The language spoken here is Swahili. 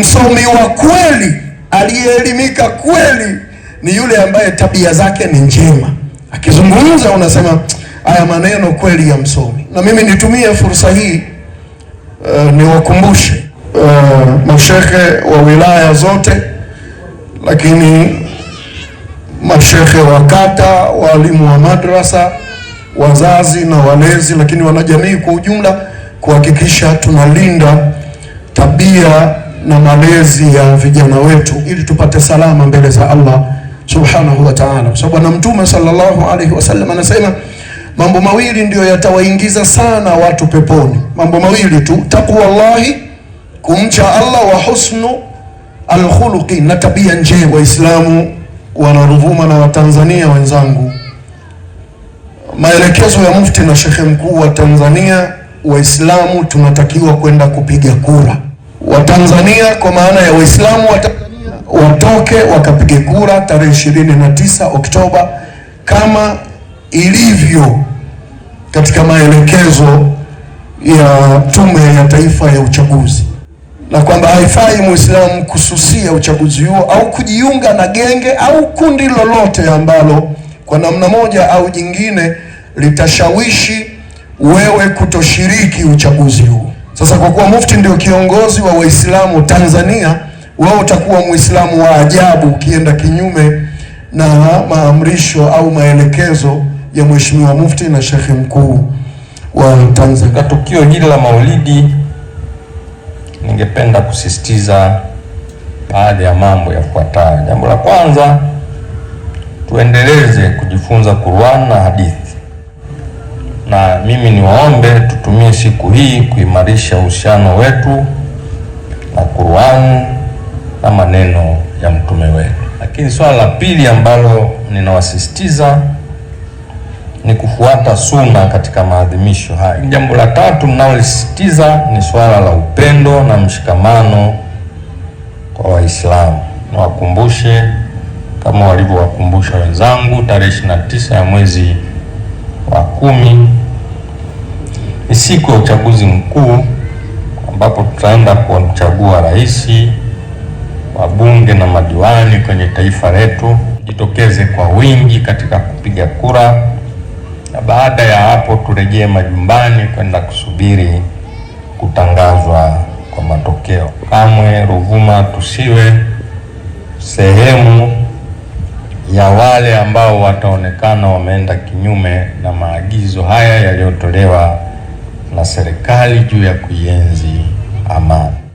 Msomi wa kweli aliyeelimika kweli ni yule ambaye tabia zake ni njema. Akizungumza unasema haya maneno kweli ya msomi. Na mimi nitumie fursa hii uh, niwakumbushe uh, mashehe wa wilaya zote, lakini mashekhe wa kata, waalimu wa madrasa, wazazi na walezi, lakini wanajamii kwa ujumla, kuhakikisha tunalinda tabia na malezi ya vijana wetu ili tupate salama mbele za Allah subhanahu wa ta'ala, kwa sababu na Mtume sallallahu alaihi wasallam anasema mambo mawili ndiyo yatawaingiza sana watu peponi. Mambo mawili tu, taqwallahi, kumcha Allah, wa husnu alkhuluqi, na tabia njema. Waislamu Wanaruvuma na Watanzania wenzangu, maelekezo ya Mufti na Shekhe Mkuu wa Tanzania, Waislamu tunatakiwa kwenda kupiga kura. Watanzania kwa maana ya Waislamu wa Tanzania watoke wakapige kura tarehe 29 Oktoba kama ilivyo katika maelekezo ya Tume ya Taifa ya Uchaguzi na kwamba haifai Muislamu kususia uchaguzi huo au kujiunga na genge au kundi lolote ambalo kwa namna moja au jingine litashawishi wewe kutoshiriki uchaguzi huo. Sasa kwa kuwa Mufti ndio kiongozi wa Waislamu Tanzania, wewe utakuwa Muislamu wa ajabu ukienda kinyume na maamrisho au maelekezo ya Mheshimiwa Mufti na Shekhe Mkuu wa Tanzania. Tukio hili la Maulidi ningependa kusisitiza baadhi ya mambo yafuatayo. Jambo la kwanza, tuendeleze kujifunza Qur'an na hadithi, na mimi niwaombe tutumie siku hii kuimarisha uhusiano wetu na Qur'an na maneno ya mtume wetu. Lakini swala la pili ambalo ninawasisitiza ni kufuata sunna katika maadhimisho haya. Jambo la tatu ninalolisisitiza ni swala la upendo na mshikamano kwa Waislamu. Niwakumbushe kama walivyowakumbusha wenzangu tarehe ishirini na tisa ya mwezi wa kumi ni siku ya uchaguzi mkuu ambapo tutaenda kumchagua rais, wabunge na madiwani kwenye taifa letu. Jitokeze kwa wingi katika kupiga kura na baada ya hapo turejee majumbani kwenda kusubiri kutangazwa kwa matokeo. Kamwe Ruvuma tusiwe sehemu ya wale ambao wataonekana wameenda kinyume na maagizo haya yaliyotolewa na serikali juu ya kuienzi amani.